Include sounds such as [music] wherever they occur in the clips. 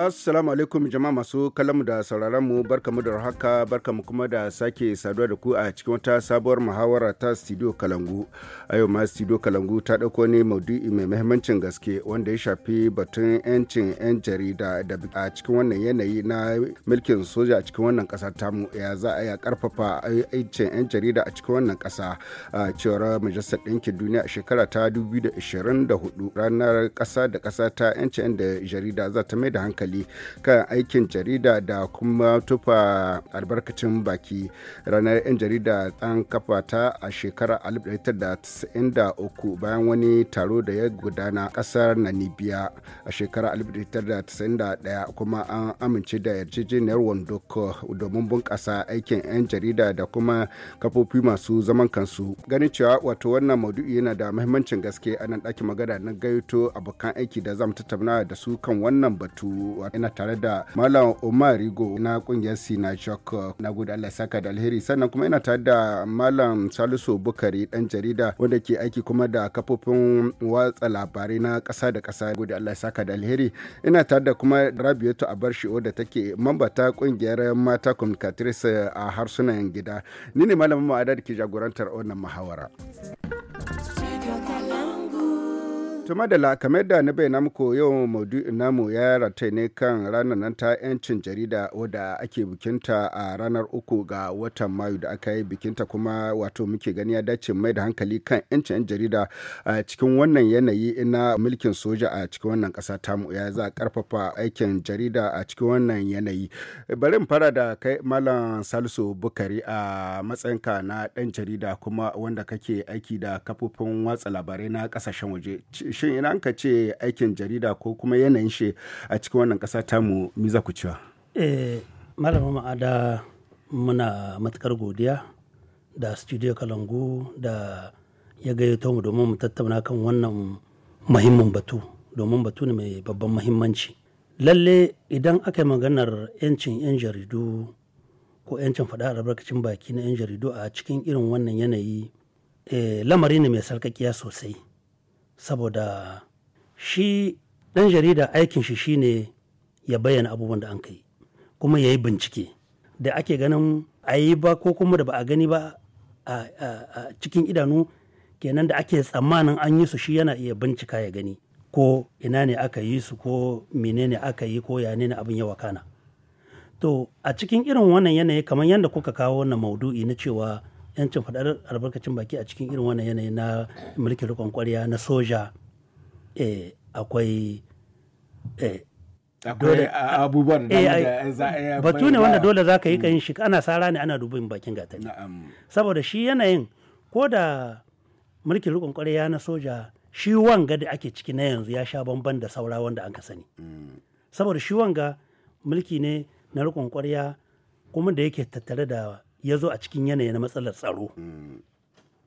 Assalamu alaikum jama'a masu kalamu da sauraron mu barka barkamu da haka barkamu kuma da sake saduwa da ku a cikin wata sabuwar muhawara ta studio Kalangu. A yau ma studio Kalangu ta dauko ne maudu'i mai muhimmancin gaske wanda ya shafi batun 'yancin 'yan jarida da a cikin wannan yanayi na mulkin soja a cikin wannan kasa tamu ya za a ya karfafa 'yancin 'yan jarida a cikin wannan kasa a cewar majalisar ɗinkin duniya a shekara ta 2024 ranar kasa da kasa ta 'yancin 'yan jarida za ta mai da hankali hankali kan aikin jarida da kuma tufa albarkacin baki ranar 'yan jarida an kafa ta a shekarar 1993 bayan wani taro da ya gudana kasar namibia a shekarar 1991 kuma an amince da yarjejeniyar wandoko domin bunƙasa aikin 'yan jarida da kuma kafofi masu zaman kansu ganin cewa wato wannan maudu'i yana da mahimmancin gaske a nan ɗakin magana na gaito abokan aiki da zamu tattauna da su kan wannan batu koyarwa ina tare da malam Umar Rigo na kungiyar Shock na gudu Allah saka da alheri sannan kuma ina tare da malam Salisu Bukari dan jarida wanda ke aiki kuma da kafofin watsa labarai na kasa da ƙasa gudu Allah saka da alheri ina tare da kuma Rabiatu Abarshi wadda take mamba kungiyar mata communicatrice a harsunan gida ni ne malamin ma'adar ke jagorantar wannan muhawara. To madala kamar da na bayyana muku yau maudu'in namu ya rata ne kan ranar nan ta 'yancin jarida wadda ake bikinta a ranar uku ga watan Mayu da aka yi bikinta kuma wato muke gani ya dace mai da hankali kan 'yancin 'yan jarida a cikin wannan yanayi na mulkin soja a cikin wannan kasa tamu ya za a karfafa aikin jarida a cikin wannan yanayi. Bari in fara da kai Malam Salisu Bukari a matsayinka na ɗan jarida kuma wanda kake aiki da kafofin watsa labarai na kasashen waje. shin ina ka ce aikin jarida ko kuma yanayin shi a cikin wannan ƙasa tamu mu miza ku cewa eh malama ma'ada muna matukar godiya da studio kalangu da ya gayyato mu domin mu tattauna kan wannan muhimmin batu domin batu ne mai babban muhimmanci lalle idan aka yi maganar 'yancin 'yan jaridu ko 'yancin faɗa albarkacin baki na 'yan jaridu a cikin irin wannan yanayi eh, lamari ne mai sarkakiya sosai saboda shi ɗan jarida aikin shi shine ya bayyana abubuwan da an kai kuma ya yi bincike da ake ganin a yi ba ko kuma da ba a gani ba a cikin idanu kenan da ake tsammanin an yi su shi yana iya bincika ya gani ko ina ne aka yi su ko menene aka yi ko ya ne abin yawa kana to a cikin irin wannan yanayi kamar yadda kuka kawo wannan maudu'i na cewa yancin faɗar albarkacin baki a cikin irin wannan yanayi na mulkin rikon kwarya na soja eh, akwai eh, akwai abubuwan da eh, batu ne wanda dole za ka yi kayin shi ana sara ne ana dubin bakin gatari saboda shi yanayin ko da mulkin rikon kwarya na soja shi wanga da ake ciki na yanzu ya sha bamban da saura wanda an ka sani mm. saboda shi wanga mulki ne na rikon kwarya kuma da yake tattare da ya zo a cikin yanayi na matsalar tsaro mm.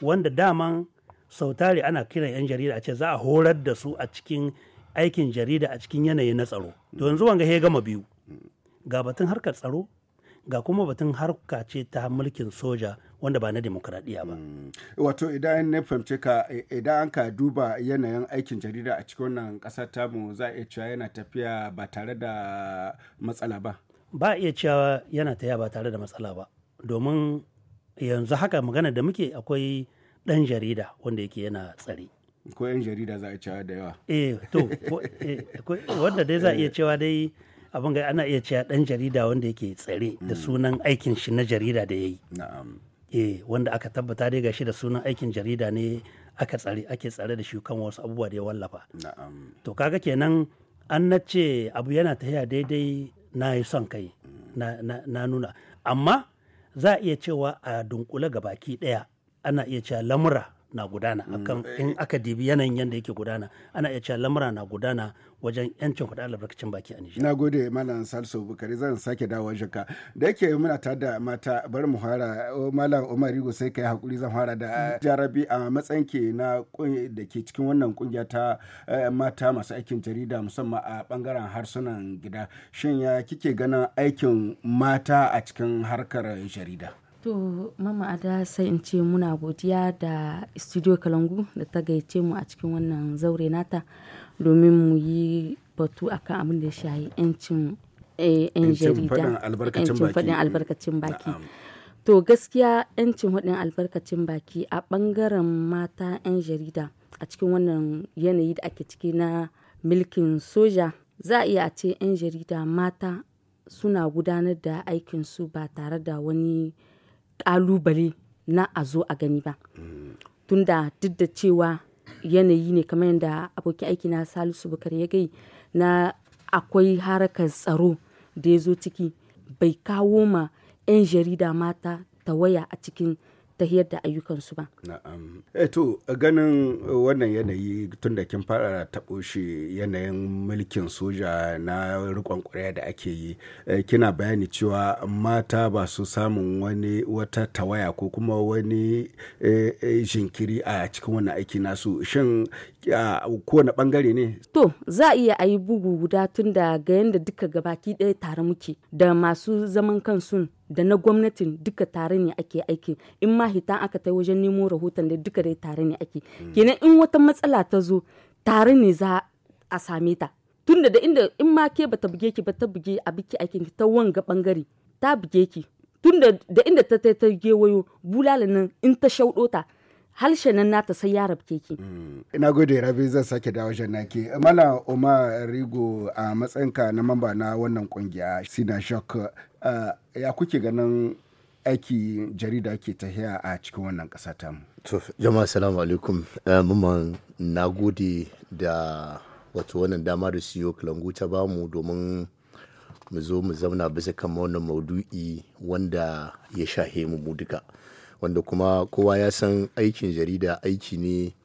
wanda daman sautari ana kiran 'yan jarida a ce za a horar da su a cikin aikin jarida a cikin yanayi na tsaro to mm. yanzu wanga he gama biyu mm. ga batun harkar tsaro ga kuma batun harka ce ta mulkin soja wanda ba na demokradiyya ba. Wato idan na fahimce ka idan an ka duba yanayin aikin jarida a cikin wannan ƙasar tamu za a iya cewa yana tafiya ba tare da matsala ba. Ba iya cewa yana tafiya ba tare da matsala ba. domin yanzu haka magana da muke akwai ɗan jarida wanda yake yana tsare ko 'yan jarida za a cewa da yawa eh to eh, wanda dai za a iya cewa dai abin ga ana iya cewa ɗan jarida wanda yake tsare da mm. sunan aikin shi na jarida da ya yi na'am eh wanda aka tabbata dai gashi da sunan aikin jarida ne aka tsare ake tsare da shi kan wasu abubuwa da ya wallafa na'am to kaga kenan an nace abu yana tafiya daidai na yi son kai mm. na nuna amma za a iya cewa a dunkule ga baki ɗaya ana iya cewa lamura na gudana mm. akan in aka dibi yanayin yadda yake gudana ana iya cewa lamura na gudana wajen yancin kudin albarkacin baki a Nijar. Na gode Malam Salisu Bukari zan sake dawo wajen Da yake muna tare da mata bari mu fara Malam Umar Rigo sai kai hakuri zan hara da mm. Jarabi a matsayin ke na da ke cikin wannan kungiya ta eh, mata masu aikin jarida musamman a bangaren harsunan gida. Shin ya kike ganin aikin mata a cikin harkar jarida? To mama ada sai in ce muna godiya da Studio Kalangu da ta gayyace mu a cikin wannan zaure nata domin mu yi batu akan abin da ya shahi 'yancin 'yan eh, jarida. 'Yancin faɗin albarkacin baki. To gaskiya 'yancin faɗin albarkacin baki a ɓangaren mata 'yan jarida a cikin wannan yanayi da ake ciki na milkin soja za a iya ce 'yan jarida mata suna gudanar da aikinsu ba tare da wani kalubale na a zo a gani ba tunda duk da cewa yanayi ne kamar yadda abokin aiki na salisu bukari ya gai na akwai harakar tsaro da ya zo ciki bai kawo ma 'yan jarida mata ta waya a cikin tahiyar da ayyukansu ba. Na'am. Eh to ganin wannan yanayi tun da kin fara taɓo shi yanayin mulkin soja na rikon ƙwarya da ake yi eh, kina bayani cewa mata ba su samun wani wata tawaya ko kuma wani eh, jinkiri a cikin wannan aiki nasu shin kowane bangare ne? To za a iya ayi bugu guda tun da ga yadda duka gabaki ɗaya tare muke da masu zaman kansu da na gwamnatin duka tare ne ake aiki in ma hita aka ta wajen nemo rahoton da duka dai tare ne ake hmm. kenan in wata matsala ta zo tare ne za a same ta tunda da inda in ma ke bata buge ki ba ta buge a biki aikin ki ta wanga bangare ta buge ki tunda da inda ta ta gewayo bulala nan in ta shaudo ta harshen nan nata sai ya rabke ki. Mm. Ina gode Rabi zan sake dawo wajen naki. Mala Omar Rigo a matsayinka na mamba na wannan kungiya Sina Shock uh, ya kuke ganin aiki jarida ke tahiya a cikin wannan ƙasa ta mu. To jama'a salamu alaikum. Uh, na gode da wato wannan dama da siyo kalangu ta bamu domin mu zo mu zauna bisa kan wannan maudu'i wanda ya shahe mu duka. wanda kuma kowa ya san aikin jarida aiki ne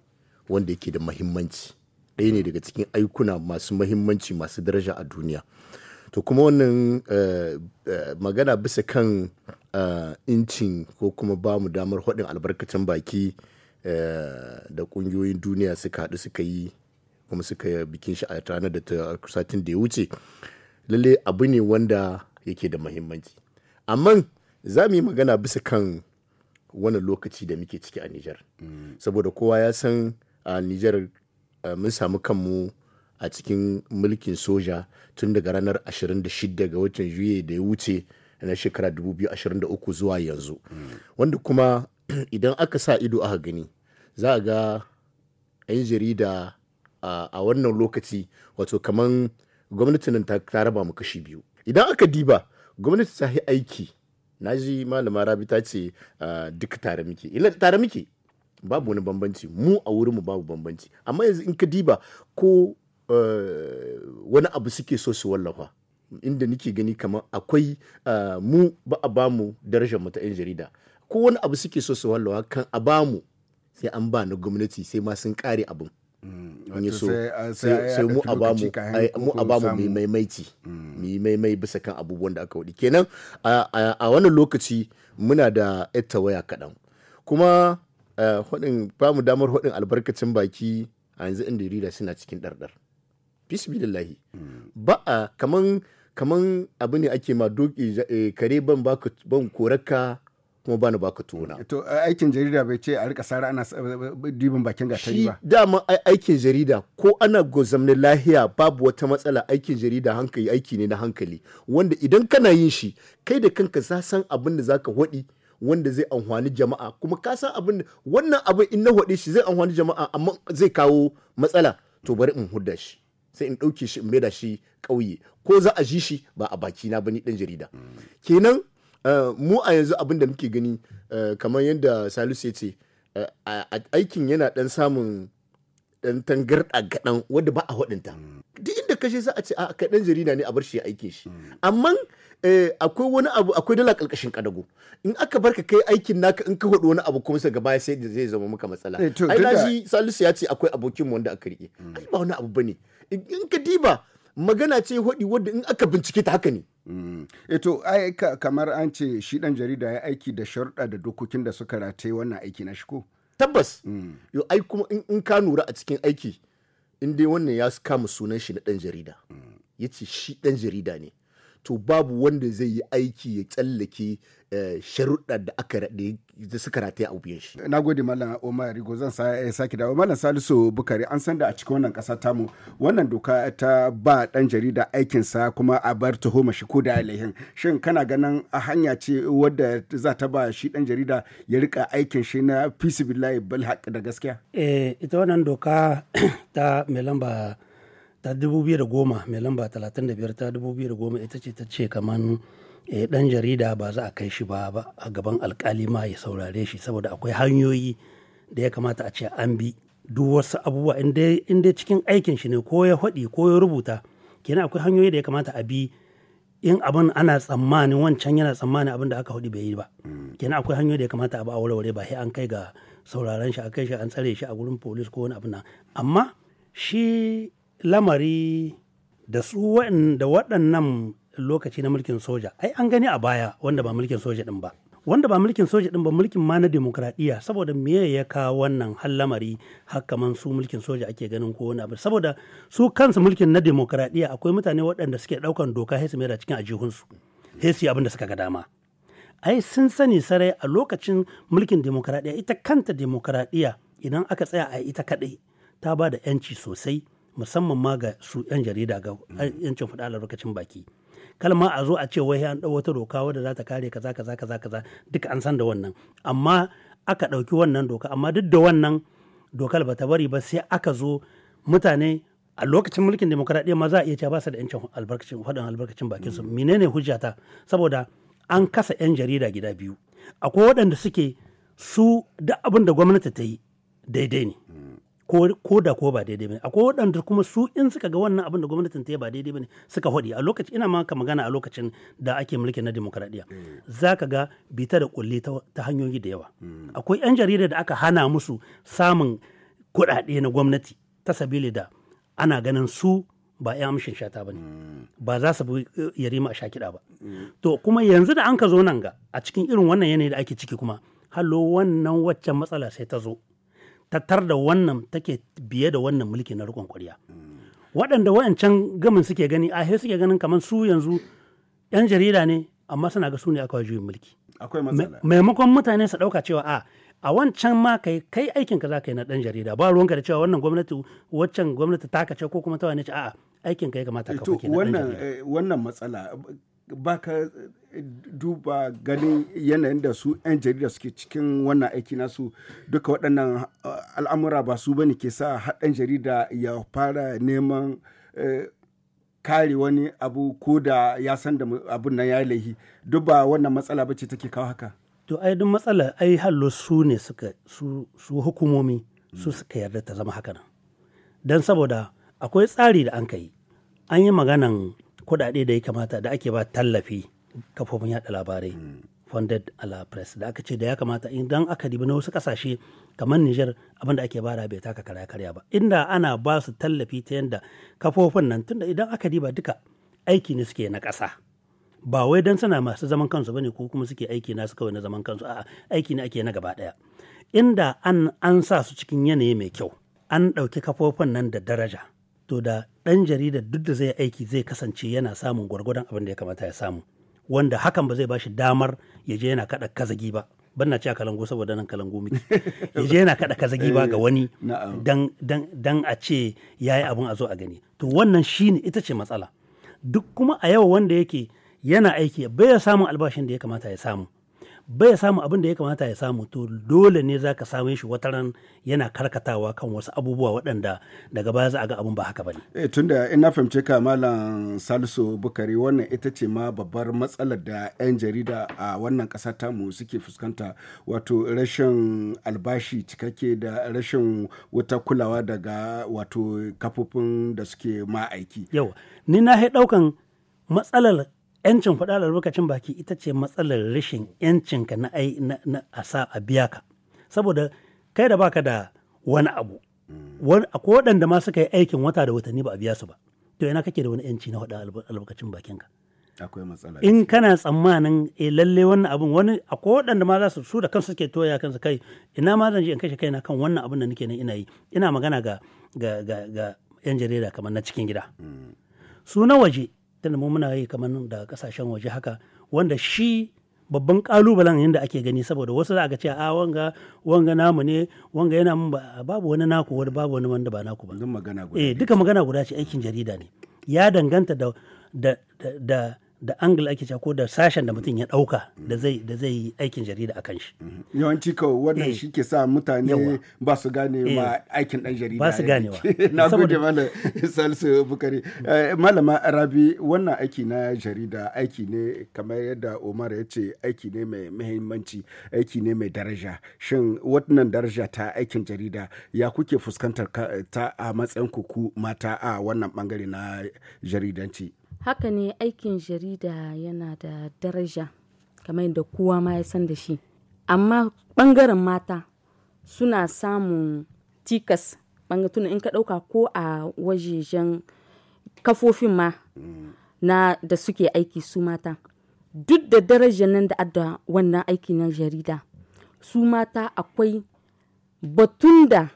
wanda yake da mahimmanci ɗaya ne daga cikin aikuna masu mahimmanci masu daraja a duniya to kuma wannan uh, uh, magana bisa kan uh, incin ko kuma ba mu damar haɗin albarkacin baki da ƙungiyoyin duniya suka haɗu suka yi kuma suka bikin shi a ranar da ta satin da ya wuce lalle abu ne wanda yake da mahimmanci amma za mu yi magana bisa kan wannan lokaci da muke ciki a Nijar. Mm. Saboda kowa ya san a Nijar eh, mun samu kanmu a cikin mulkin soja tun daga ranar 26 ga watan juye da ya wuce na shekara 2023 zuwa yanzu. Mm. Wanda kuma [clears throat] idan aka sa ido aka gani za a ga 'yan jarida a wannan lokaci wato kamar gwamnatin ta raba mu kashi biyu. Idan aka diba gwamnati ta yi aiki na ji malama rabi ta ce ah, duk tare muke ila tare muke babu wani bambanci mu a wurin mu babu bambanci amma yanzu in ka diba ko eh, wani abu suke so su wallafa inda nike gani kamar akwai ah, mu ba a bamu darajar mu ta 'yan jarida ko wani abu suke so su wallafa kan a bamu sai an ba na gwamnati sai ma sun kare abin in mm. so sai mu a ba mu a ba mu mai maimaici mm. mai maimai bisa kan abubuwan da aka wadi kenan a wannan lokaci muna da yatta waya kaɗan kuma hudin ba mu damar hudin albarkacin baki a yanzu inda rida suna cikin ɗarɗar bismillahi mm. ba a kaman kaman abu ne ake ma doki eh, kare ban ban koraka kuma bani baka tona to aikin jarida bai ce a rika sara ana dibin bakin gatari ba shi dama aikin jarida ko ana gozamni lahiya babu wata matsala aikin jarida hankali aiki ne na hankali wanda idan kana yin shi kai da kanka za san abin da zaka hodi wanda zai amfani jama'a kuma ka san abin wannan abin in na hodi shi zai amfani jama'a amma zai kawo matsala to bari in hudda shi sai in ɗauke shi in maida shi ƙauye ko za a ji shi ba a baki na bani dan jarida mm. kenan Eh, mu a yanzu abin da muke gani eh, kamar yadda salisu ya ce eh, aikin yana dan samun dan a gaɗan wadda ba a waɗanta duk inda kashe za a ce a dan jarida ne a bar shi ya aikin shi amma akwai wani abu akwai dala ƙarƙashin kadago in aka barka kai aikin naka in ka hudu wani abu kuma sai gaba sai zai zama maka matsala ai na salisu ya ce akwai abokin wanda aka rike ai ba wani abu bane in ka diba magana ce hudi wadda in aka bincike ta haka ne mm. eto eh, ai kamar an ce shi ɗan jarida ya aiki da sharuɗa da dokokin da suka rataye wannan aiki na shiko tabbas mm. yo ai kuma in ka nura a cikin aiki in dai wannan ya kama sunan shi na ɗan jarida mm. ya ce shi ɗan jarida ne to babu wanda zai yi aiki ya tsallake eh, sharuɗa da aka da suka rataye a biyan shi. Na gode Malam Omar Rigo zan eh, sake dawo. Malam Salisu Bukari an san da a cikin wannan ƙasa tamu wannan doka ta ba ɗan jarida aikinsa kuma a bar tuhuma shi ko da alaihin. Shin kana ganin a hanya ce wadda za ta ba shi ɗan jarida ya riƙa aikin shi na fisibillahi bal da gaskiya? Eh ita wannan doka ta mai lamba ta 2010 mai lamba 35 ta 2010 ita ce ta ce kaman dan eh, jarida ba za a kai shi ba a gaban alkali ma ya saurare shi saboda akwai hanyoyi da ya kamata a ce an bi duk wasu abubuwa in dai cikin aikin shi ne ko ya faɗi ko ya rubuta kenan akwai hanyoyi da ya kamata a bi in abin ana tsammani wancan yana tsammani abin da aka hudu bai yi ba mm. kenan akwai hanyoyi da ya kamata a ba a warware ba sai an kai ga sauraron shi a kai shi an tsare shi a gurin polis ko wani abin nan amma shi lamari da su da waɗannan lokaci na mulkin soja ai an gani a baya wanda ba mulkin soja ɗin ba wanda ba mulkin soja din ba mulkin ma na demokradiyya saboda me ya kawo wannan har lamari haka su mulkin soja ake ganin ko wani abu saboda su kansu mulkin na demokradiyya akwai mutane waɗanda suke ɗaukan doka hesu mera cikin ajihunsu hesu abin da suka ga dama ai sun sani sarai a lokacin mulkin demokradiyya ita kanta demokradiyya idan aka tsaya a ita kaɗai ta ba da 'yanci sosai musamman ma ga su 'yan jarida ga 'yancin faɗa albarkacin baki kalma a zo a ce wai an ɗau wata doka wadda za ta kare kaza kaza kaza kaza duk an san da wannan amma aka ɗauki wannan doka amma duk da wannan dokar ba ta bari ba sai aka zo mutane a lokacin mulkin demokradiyya ma za a iya cewa ba su da yancin albarkacin faɗin albarkacin bakin su menene hujjata saboda an kasa 'yan jarida gida biyu akwai waɗanda suke su duk abin da gwamnati ta yi daidai ne ko da ko ba daidai bane akwai waɗanda kuma su in suka ga wannan abin da gwamnatin ta yi ba daidai bane suka hodi a lokaci ina ma ka magana a lokacin da ake mulki na demokradiya mm. ka ga bita da kulle ta hanyoyi da yawa mm. akwai yan jarida da aka hana musu samun kuɗaɗe na gwamnati ta sabili da ana ganin su ba 'yan amshin shata ba ne mm. ba za su bi eh, yarima a sha kiɗa ba to kuma yanzu da an ka zo nan ga a cikin irin wannan yanayi da ake ciki kuma hallo wannan waccan matsala sai ta zo tattar da wannan take biye da wannan mulki na rikon kwariya. waɗanda wa'ancan gamin suke gani a suke ganin kamar su yanzu 'yan jarida ne amma suna ga su ne aka juyin mulki akwai matsala maimakon mutane su ɗauka cewa a a wancan ma kai kai aikin ka za ka yi na ɗan jarida ba ruwanka da cewa wannan gwamnati waccan gwamnati ta kace ko kuma ta wani ce a'a aikin ka ya kamata ka eh, fake jarida. Eh, wannan matsala baka eh, duba ganin yanayin da su 'yan jarida suke cikin wannan aiki nasu duka waɗannan eh, al'amura ba su bane ke sa haɗin jarida ya fara neman eh, kare wani abu ko da ya san da abun nan ya yi laihi duk wannan matsala ba ce take kawo haka to ai duk matsala ai hallo su ne suka su hukumomi su mm. suka yarda ta zama haka nan don saboda akwai tsari da an kai an yi maganan kuɗaɗe da ya kamata da ake ba tallafi kafofin yada labarai hmm. funded ala press da aka ce da ya kamata idan aka dibi na wasu kasashe kamar Niger abinda ake bara bai taka karya karya ba inda ana ba su tallafi ta yanda kafofin nan tunda idan aka diba duka aiki ne suke na ƙasa ba wai don suna masu zaman kansu bane ko kuma suke aiki na su kawai na zaman kansu a'a aiki ne ake na gaba ɗaya inda an an sa su cikin yanayi mai kyau an ɗauki kafofin nan da daraja to da ɗan jaridar duk da zai aiki zai kasance yana samun gwargwadon abin da ya kamata ya samu wanda hakan ba zai ba damar ya je yana kaɗa kazagi ba ban na ci a kalangu saboda nan kalango miki ya je yana kaɗa kazagi ba ga eh, wani dan a ce ya yi abin a zo a gani to wannan shine ita ce matsala duk kuma a yau wanda yake yana aiki bai samun albashin da ya kamata ya samu bai samu abin da ya kamata ya samu to dole ne za ka same shi wata ran yana karkatawa kan wasu abubuwa waɗanda daga baya za a ga abin ba haka ba ne. Eh, tunda ina fahimce ka malam salisu bukari wannan ita ce ma babbar matsalar da 'yan jarida a wannan ƙasa mu suke fuskanta wato rashin albashi cikakke da rashin wata kulawa daga wato kafofin da suke ma aiki. Yau, ni na ɗaukan matsalar 'yancin faɗa albarkacin baki ita ce matsalar rashin 'yancinka na ai na a biya ka saboda kai da baka da wani abu akwai waɗanda ma suka yi aikin wata da watanni ba a biya su ba to ina kake da wani 'yanci na faɗa albarkacin bakinka akwai matsala in kana tsammanin e lalle wannan abun wani akwai waɗanda ma za su su da kansu suke toya kansu kai ina ma zan je in kashe kaina kan wannan abun da nake nan ina yi ina magana ga ga ga ga yan jarida kamar na cikin gida hmm. su na waje tunda mu muna yi kamar da kasashen waje haka wanda shi babban kalubalen yadda ake gani saboda wasu za a ce a ah, wanga wanga namu ne wanga yana mun babu wani naku wani babu wani wanda ba naku ba eh, duka magana guda ce aikin jarida ne ya danganta da da da angle ake cewa ko da sashen da mutum ya dauka da zai da zai yi aikin jarida akan shi mm-hmm. yawanci ko wannan eh. shi ke sa mutane ba su gane ma eh. aikin dan jarida ba su ganewa [laughs] na gode mana [laughs] salisu bukari eh, malama rabi wannan aiki na jarida aiki ne kamar yadda umar ya ce aiki ne mai muhimmanci aiki ne mai daraja shin wannan daraja ta aikin jarida ya kuke fuskantar ta a matsayin ku mata a wannan bangare na jaridanci Haka ne aikin jarida yana da daraja kamar yadda kowa ma ya san da shi. Amma ɓangaren mata suna samun tikas ɓangatun in ka ɗauka ko a wajejen kafofin ma na da suke aiki su mata. Duk da daraja nan da adda wannan aiki na jarida su mata akwai batun da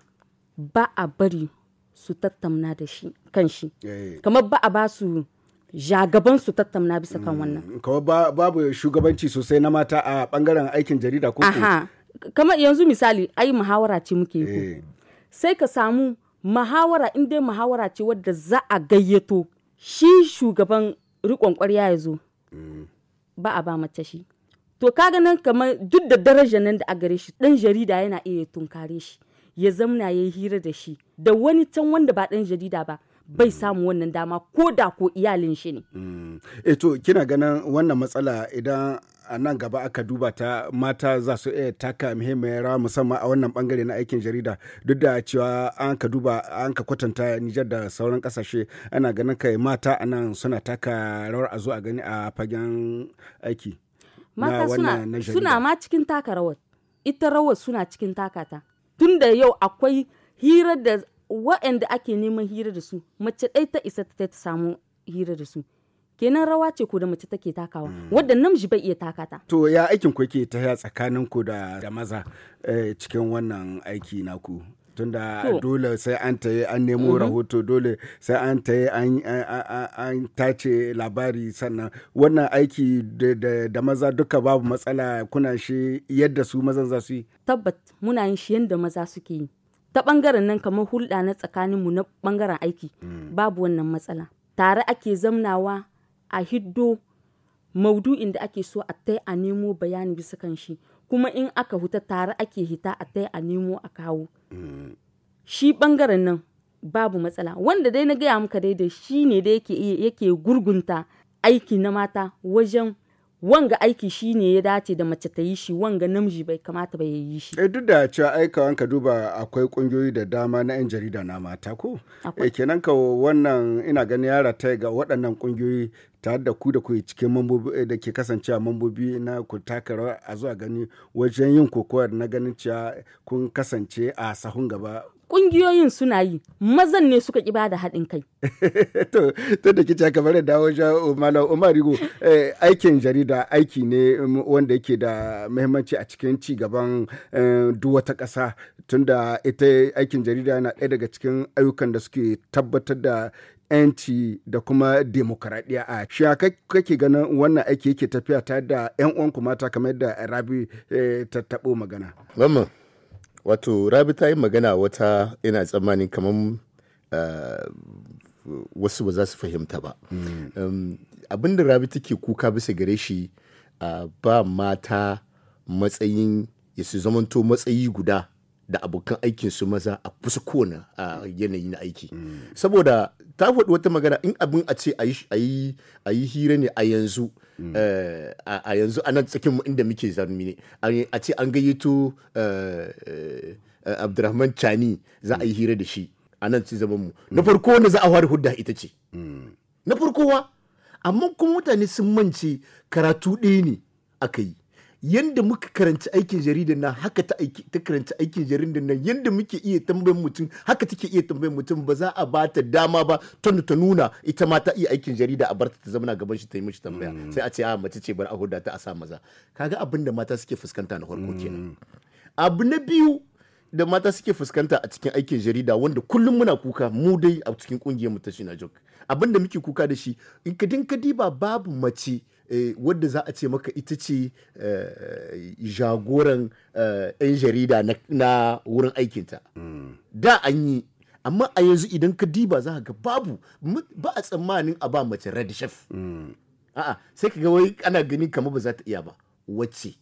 ba a bari su tattauna da shi kan shi. Eh. Kamar ba a ba su jagabansu tattauna bisa kan mm, wannan. Kawai babu shugabanci sosai na mata a bangaren aikin jarida ko Aha, kamar yanzu misali ai muhawara ce muke yi. Eh. Sai ka samu muhawara in dai muhawara ce wadda za a gayyato shi shugaban riƙon ƙwarya ya zo. Mm. Ba a ba mace shi. To kaga nan kamar duk da daraja nan da a gare shi ɗan jarida yana iya tunkare shi. Ya zamna ya yi hira da shi da wani can wanda ba ɗan jarida ba. bai samu wannan dama ko da ko iyalin shi ne. Mm. Eto eh, kina ganin wannan matsala idan a nan gaba aka duba ta mata za su iya taka muhimmiyar rawa musamman a wannan bangare na aikin jarida duk da cewa an ka duba an ka kwatanta Nijar da sauran kasashe ana ganin kai mata a nan suna taka rawar a zo a gani a fagen aiki. Mata suna, suna ma cikin taka rawar. Ita rawar suna cikin takata. Tun yau akwai hira da waɗanda ake neman hira da su mace ɗai ta isa ta samu hira da su kenan rawa ce ko da mace take takawa mm. wadda namiji bai iya takata to ya aikin ku ke ta tsakanin ku da maza eh, cikin wannan aiki naku tunda dole sai an ta an nemo mm-hmm. rahoto dole sai an ta an tace labari sannan wannan aiki da maza duka babu matsala kuna shi yadda su mazan za su yi tabbat muna yin shi yadda maza suke yi ta bangaren nan kamar hulɗa na tsakaninmu na ɓangaren aiki hmm. babu wannan matsala tare ake zamnawa a hiddo maudu'in da ake so a tai a nemo bayani bisa kan shi kuma in aka huta tare ake hita a tai a nemo a kawo hmm. shi bangaren nan babu matsala wanda dai na gaya muka daidai shi ne da yake gurgunta aiki na mata wajen wanga aiki shi ne ya dace da mace ta yi shi wanga namiji bai kamata ba ya yi shi. E duk da cewa aikawan ka duba akwai kungiyoyi da dama na 'yan jarida na mata ko? E kenan ka wannan ina ganin yara ta ga waɗannan kungiyoyi tare da ku da ku cikin mambobi eh, da ke kasancewa mambobi na ku taka rawa a zuwa gani wajen yin kokowar na ganin cewa kun kasance a sahun gaba kungiyoyin suna yi mazan ne suka ki bada haɗin kai [laughs] to to da kice kamar da wajen malam Umar eh, aikin jarida aiki ne um, wanda yake da muhimmanci a cikin ci gaban eh, duk wata ƙasa tunda ita aikin jarida na ɗaya daga cikin ayyukan da suke tabbatar da 'yanci da kuma demokaradiyya a shi kake ganin wannan aiki yake tafiya ta da 'yan uwanku mata kamar da rabi eh, ta taɓo magana. wato rabi ta yi magana wata ina tsammanin kamar eh, wasu ba za su fahimta ba mm. um, abin da rabi take kuka bisa gare shi ba mata matsayin ya su zamanto matsayi guda da abokan su maza a kusa kowane yanayi na aiki mm. saboda ta faɗi wata magana in abin a ce a yi hira ne a yanzu Eh, a yanzu a nan tsakin inda muke zarmi ne a ce an gayyato eh, eh, abdurrahman chani za a yi hira da shi a nan ci zaman mu na mm. farko wanda za a ware hudda ita ce mm. na farko amma kuma mutane sun mance karatu ɗaya ne aka yi yanda muka karanci aikin jaridar nan haka ta aiki ta karanci aikin jaridar nan yadda muke iya tambayin mutum haka take iya tambayin mutum ba za a bata dama ba tun ta nuna ita ma ta iya aikin jarida a barta ta zamana gaban shi ta yi mishi tambaya hmm. sai a ce a ah, mace ce bar a huda ta a sa maza kaga abin da mata suke fuskanta na farko kenan hmm. abu na biyu da mata suke fuskanta a cikin aikin jarida wanda kullum muna kuka mu dai a cikin kungiyar mu ta Shinajok abin da muke kuka da shi in ka dinka diba babu mace Eh, wadda za a ce maka ita ce eh, jagoran 'yan eh, jarida na wurin aikinta da an yi amma a yanzu idan ka diba za ga babu ba a tsammanin a ba mace red chef a'a sai ka ga wai ana gani kamar ba za ta iya ba wacce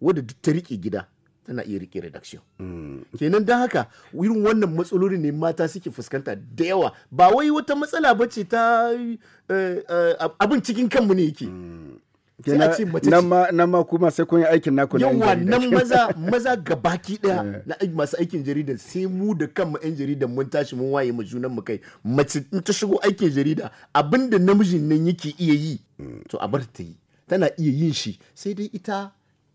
wadda duk ta riƙe gida tana iya rike redaction mm. kenan don haka irin wannan matsaloli ne mata suke fuskanta da yawa ba wai wata matsala ba ce ta eh, eh, abin cikin kanmu ne yake mm. nan ma kuma sai kun yi aikin naku na yawa nan maza ga baki daya [laughs] eh. na masu aikin jarida sai mu da kanmu yan jarida mun tashi mun waye mu junan mu kai mace in ta shigo aikin jarida abinda namijin nan yake iya yi mm. to a bar ta yi tana iya yin shi sai dai ita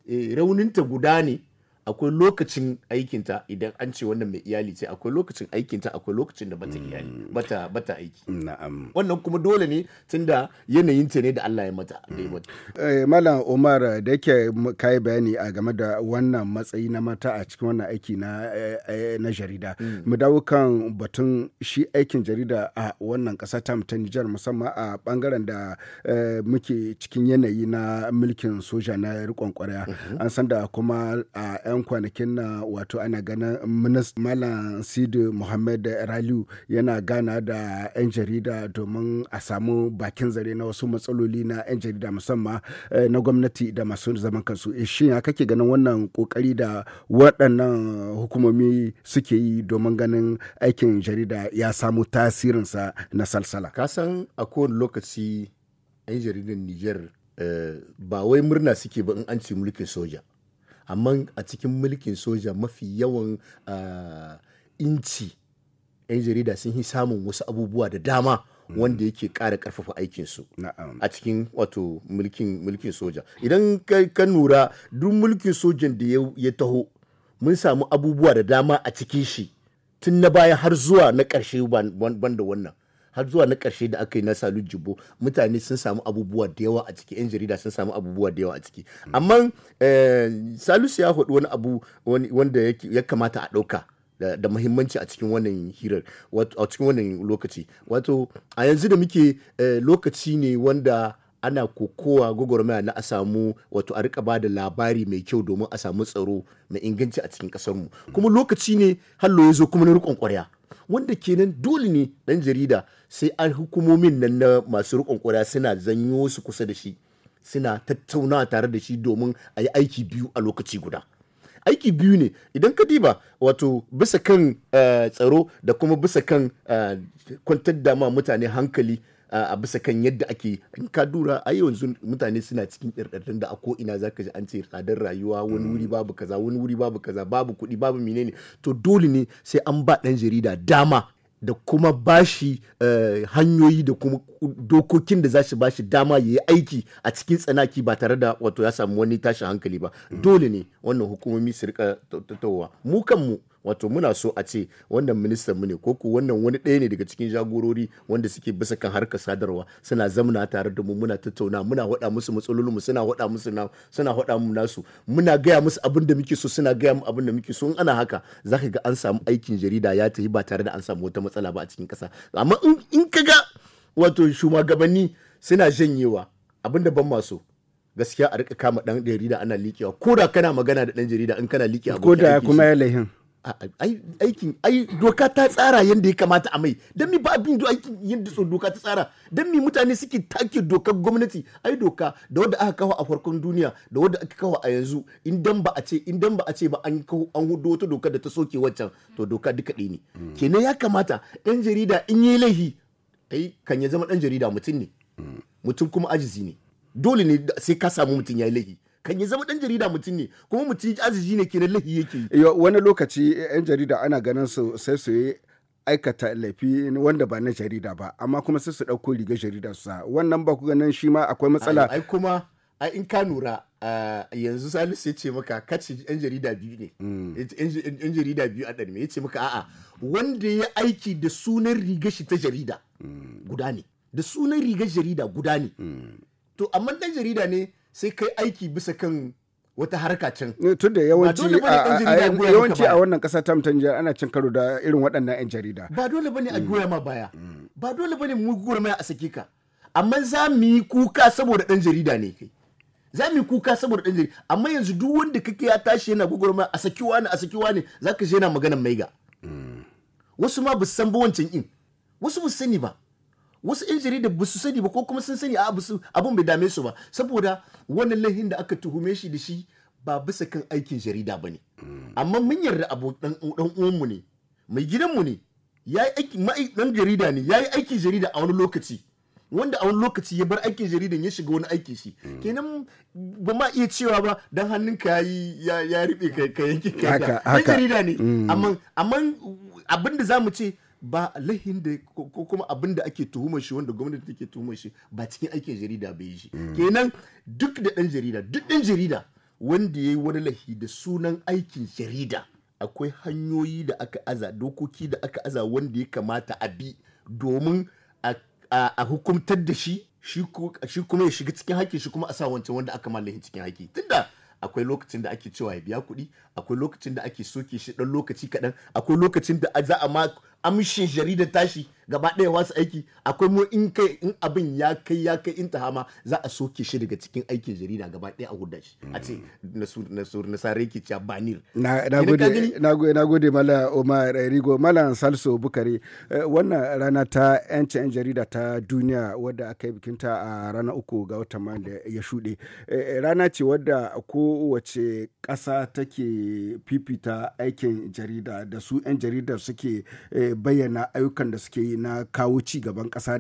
rauninta guda ne akwai lokacin aikinta idan an ce wannan mai iyali ce akwai lokacin aikinta akwai lokacin da bata iyali mm. bata bata aiki na'am wannan kuma dole ne tunda yanayin ta ne da Allah ya mata mm. eh, malam Umar da yake kai bayani a game da wannan matsayi na mata a cikin wannan aiki na eh, eh, na jarida mm. mu dawo kan batun shi aikin jarida a wannan kasa ta ta Nijar musamman a bangaren da muke cikin yanayi na mulkin soja na rikon kwarya mm-hmm. an san da kuma a 'yan kwanakin na wato ana ganin minist malam sidi muhammad raliu yana gana da 'yan jarida domin a samu bakin zare na wasu matsaloli na 'yan jarida musamman eh, na gwamnati da masu zaman kansu eh, shin ya kake ganin wannan kokari da waɗannan hukumomi suke yi domin ganin aikin jarida ya samu tasirinsa na salsala kasan a kowane lokaci 'yan jaridan niger eh, ba wai murna suke ba in an ci mulkin soja amma a cikin mulkin soja mafi yawan uh, inci 'yan jarida sun yi samun wasu abubuwa da dama wanda yake ƙara ƙarfafa aikinsu a cikin wato mulkin soja idan ka nura duk mulkin sojan da ya taho mun samu abubuwa da dama a cikin shi tun na baya har zuwa na karshe ban da wannan har zuwa na ƙarshe da aka yi na salu jibo mutane sun samu abubuwa da yawa a ciki yan jarida sun samu abubuwa da yawa a ciki hmm. amma eh, salisu ya haɗu wani abu wanda ya kamata a ɗauka da muhimmanci a cikin wannan hirar a cikin wannan lokaci wato a yanzu da muke eh, lokaci ne wanda ana kokowa gwagwarmaya na a samu wato a rika ba da labari mai kyau domin a samu tsaro mai inganci a cikin kasarmu kuma lokaci ne hallo ya zo kuma na rikon kwarya wanda kenan dole ne dan jarida sai an hukumomin nan na masu rikon kwarya suna zanyo su kusa da shi suna tattaunawa tare da shi domin a yi aiki biyu a lokaci guda aiki biyu ne idan ka diba wato bisa kan eh, tsaro da kuma bisa kan eh, kwantar da ma mutane hankali a bisa kan yadda ake in ka dura a yanzu mutane suna cikin ɗarɗarɗin da a ko ina zaka ji an ce tsadar rayuwa wani wuri mm. babu kaza wani wuri babu kaza babu kuɗi babu menene to dole ne sai an ba ɗan jarida dama da kuma bashi uh, eh, hanyoyi da kuma dokokin da za shi bashi dama ya yi aiki a cikin tsanaki ba tare da wato ya samu wani tashin hankali ba mm. dole ne wannan hukumomi su rika tattawa mu kanmu wato muna so a ce wannan ministan mu ne ko ku wannan wani ɗaya ne daga cikin jagorori wanda suke bisa kan harkar sadarwa suna zamana tare da mu muna tattauna muna hada musu matsalolin mu suna hada musu na suna hada mu nasu muna gaya musu abin da muke so suna gaya mu abin da muke so in ana haka zaka ga an samu aikin jarida ya tafi ba tare da an samu wata matsala ba a cikin kasa amma in kaga wato shugabanni suna janyewa abin da ban maso gaskiya a rika kama dan jarida ana likewa ko da kana magana da dan jarida in kana likewa ko da kuma ya lahin aikin ai doka ta tsara yadda ya kamata a mai don mi ba abin aikin yadda so doka ta tsara don mi mutane suke take dokar gwamnati ai doka da wadda aka kawo a farkon duniya da wadda aka kawo a yanzu idan ba a ce ba a ce ba an kawo an hudu wata doka da ta soke waccan to doka duka ɗaya ne mm. kenan ya kamata ɗan jarida in yi laifi. ai kan ya zama ɗan jarida mutum ne mm. mutum kuma ajizi ne dole ne sai ka samu mutum ya yi laihi kan ya zama dan jarida mutum ne kuma mutum aziji ne kenan lahi yake yi wani lokaci yan jarida ana ganin su sai su yi aikata laifi wanda ba na jarida ba amma kuma sai su ɗauko rigar jarida su sa wannan ba ku ganin shi ma akwai matsala ai kuma ai in ka nura ah, yanzu salisu ya ce maka kace yan jarida biyu ne mm. yan jarida biyu a ɗanme ya ce maka a'a wanda ya aiki da sunan rigar shi ta jarida mm. guda ne da sunan rigar jarida guda ne mm. to amma dan jarida ne sai kai aiki bisa kan wata harka can. Eh, Tun da yawanci yawanci a wannan kasa ta mutan jihar ana cin karo da irin waɗannan 'yan jarida. Ba dole bane a mm. goya ma baya. Mm. Ba dole bane mu goya ma a saki ka. Amma za mu yi kuka saboda ɗan jarida ne kai. Za mu yi kuka saboda ɗan jarida. Amma yanzu duk wanda kake ya tashi yana gogoron ma a saki wani a saki wani za ka je yana maganar maiga. Mm. Wasu ma ba san ba wancan in. Wasu ba sani ba. wasu yan jarida ba su sani ba ko kuma sun sani a abun bai dame su ba saboda wannan lahin da aka tuhume shi da shi ba bisa kan aikin jarida ba ne amma mun yarda abu dan uwanmu ne mai gidanmu ne ya yi aiki dan jarida ne ya yi aikin jarida a wani lokaci wanda a wani lokaci ya bar aikin jaridan ya shiga wani aiki shi kenan ba ma iya cewa ba dan hannun ka yi ya riɓe ka yanke ka jarida ne mm. amma amma da za mu ce ba lahin da ko kuma abin da ake tuhumar shi wanda gwamnati take tuhumar shi ba cikin aikin jarida bai yi shi mm. kenan duk da dan jarida duk dan jarida wanda yayi wani lahi da sunan aikin jarida akwai hanyoyi da aka aza dokoki da aka aza wanda ya kamata a bi domin a hukumtar da shi shi kuma ya shiga cikin haƙƙi shi kuma a sa wancan wanda aka mallahin cikin haƙƙi tunda akwai lokacin da ake cewa ya biya kuɗi akwai lokacin da ake soke shi ɗan lokaci kaɗan akwai lokacin da za a ma amshin jaridar tashi gaba ɗaya wasu aiki akwai mu in kai in abin ya kai ya kai in tahama za a soke shi daga cikin aikin jarida gaba ɗaya a huda shi a ce nasur nasare ke cewa banir na gode mala omar rigo mala salso bukari eh, wannan rana ta yanci yan jarida ta duniya wadda aka yi bikinta a rana uku ga watan man da ya shuɗe eh, eh, rana ce wadda kowace ƙasa take fifita aikin jarida da su yan jaridar suke bayyana ayyukan da suke yi na kawo ci gaban ƙasa